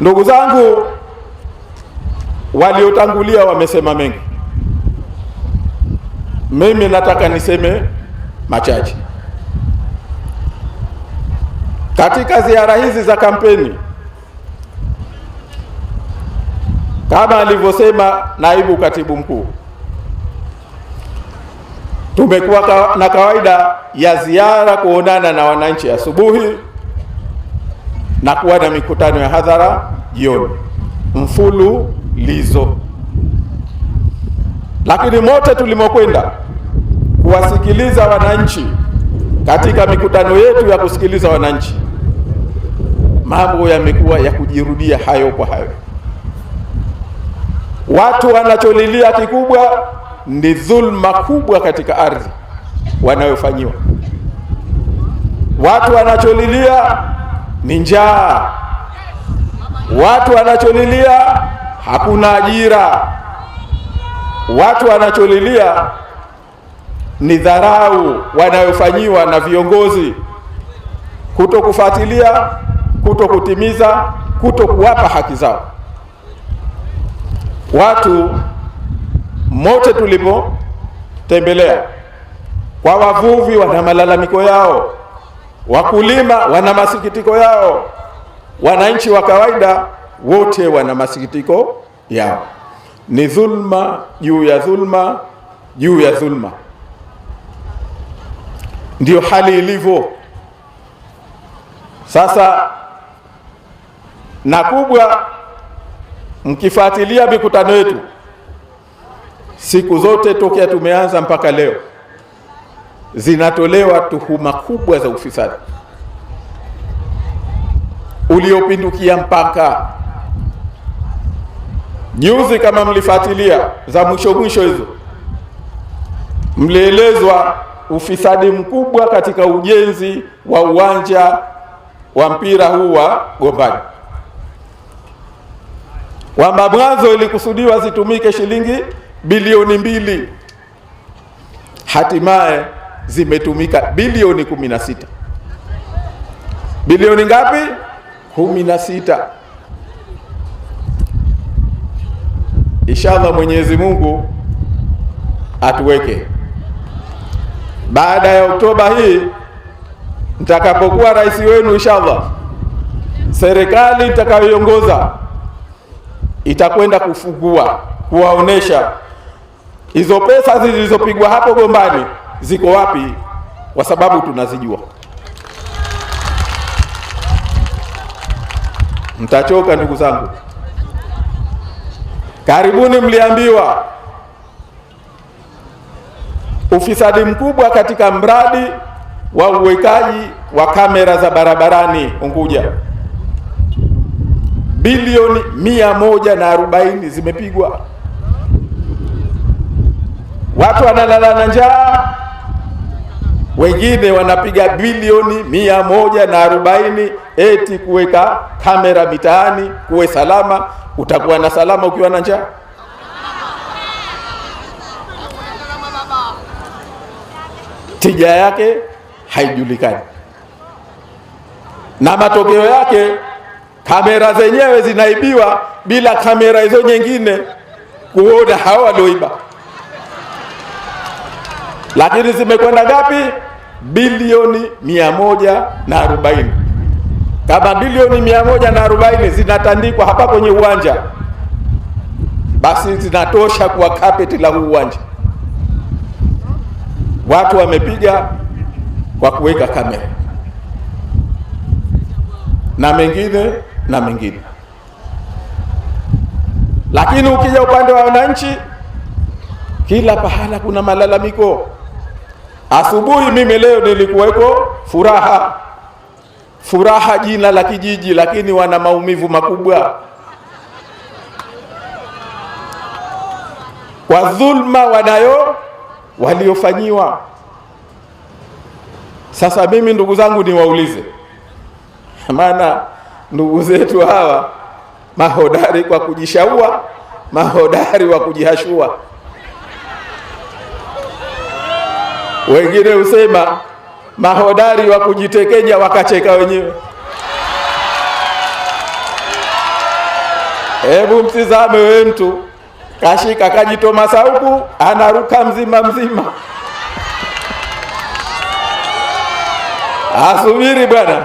Ndugu zangu, waliotangulia wamesema mengi, mimi nataka niseme machache. Katika ziara hizi za kampeni, kama alivyosema naibu katibu mkuu, tumekuwa na kawaida ya ziara kuonana na wananchi asubuhi na kuwa na mikutano ya hadhara jioni mfululizo. Lakini mote tulimokwenda kuwasikiliza wananchi katika mikutano yetu ya kusikiliza wananchi, mambo yamekuwa ya kujirudia hayo kwa hayo. Watu wanacholilia kikubwa ni dhulma kubwa katika ardhi wanayofanyiwa. Watu wanacholilia ni njaa, watu wanacholilia hakuna ajira, watu wanacholilia ni dharau wanayofanyiwa na viongozi, kuto kufuatilia, kuto kutimiza, kuto kuwapa haki zao watu. Mote tulipotembelea kwa wavuvi, wana malalamiko yao Wakulima wana masikitiko yao, wananchi wa kawaida wote wana masikitiko yao. Ni dhulma juu ya dhulma juu ya dhulma, ndio hali ilivyo sasa. Na kubwa, mkifuatilia mikutano yetu siku zote tokea tumeanza mpaka leo zinatolewa tuhuma kubwa za ufisadi uliopindukia mpaka juzi, kama mlifuatilia za mwisho mwisho hizo, mlielezwa ufisadi mkubwa katika ujenzi wa uwanja wa mpira huu wa Gombani, kwamba mwanzo ilikusudiwa zitumike shilingi bilioni mbili, hatimaye zimetumika bilioni 16. Bilioni ngapi? 16. Inshallah Mwenyezi Mungu atuweke baada ya Oktoba hii nitakapokuwa rais wenu, inshallah serikali nitakayoiongoza itakwenda kufungua kuwaonesha hizo pesa zilizopigwa hapo Gombani ziko wapi, kwa sababu tunazijua. Mtachoka ndugu zangu, karibuni mliambiwa ufisadi mkubwa katika mradi wa uwekaji wa kamera za barabarani Unguja, bilioni mia moja na arobaini zimepigwa. Watu wanalala na njaa wengine wanapiga bilioni mia moja na arobaini eti kuweka kamera mitaani kuwe salama. Utakuwa na salama ukiwa na njaa? Tija yake haijulikani, na matokeo yake kamera zenyewe zinaibiwa bila kamera hizo nyingine kuona hao walioiba. Lakini zimekwenda ngapi? bilioni mia moja na arobaini. Kama bilioni mia moja na arobaini zinatandikwa hapa kwenye uwanja, basi zinatosha kuwa kapeti la huu uwanja. Watu wamepiga kwa kuweka kamera na mengine na mengine, lakini ukija upande wa wananchi, kila pahala kuna malalamiko. Asubuhi mimi leo nilikuweko Furaha. Furaha jina la kijiji, lakini wana maumivu makubwa kwa dhulma wanayo waliofanyiwa. Sasa mimi ndugu zangu niwaulize, maana ndugu zetu hawa mahodari kwa kujishaua, mahodari wa kujihashua Wengine husema mahodari wa kujitekenya wakacheka wenyewe. Hebu mtizame we, mtu kashika kajitoma huku anaruka mzima mzima, asubiri bwana,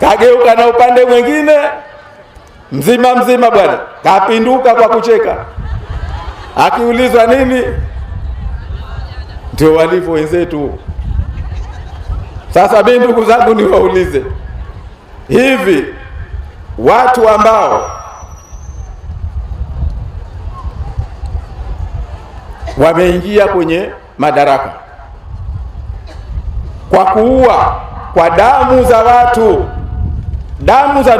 kageuka na upande mwingine mzima mzima bwana, kapinduka kwa kucheka, akiulizwa nini ndio walivyo wenzetu. Sasa mimi ndugu zangu, niwaulize hivi, watu ambao wameingia kwenye madaraka kwa kuua kwa damu za watu, damu za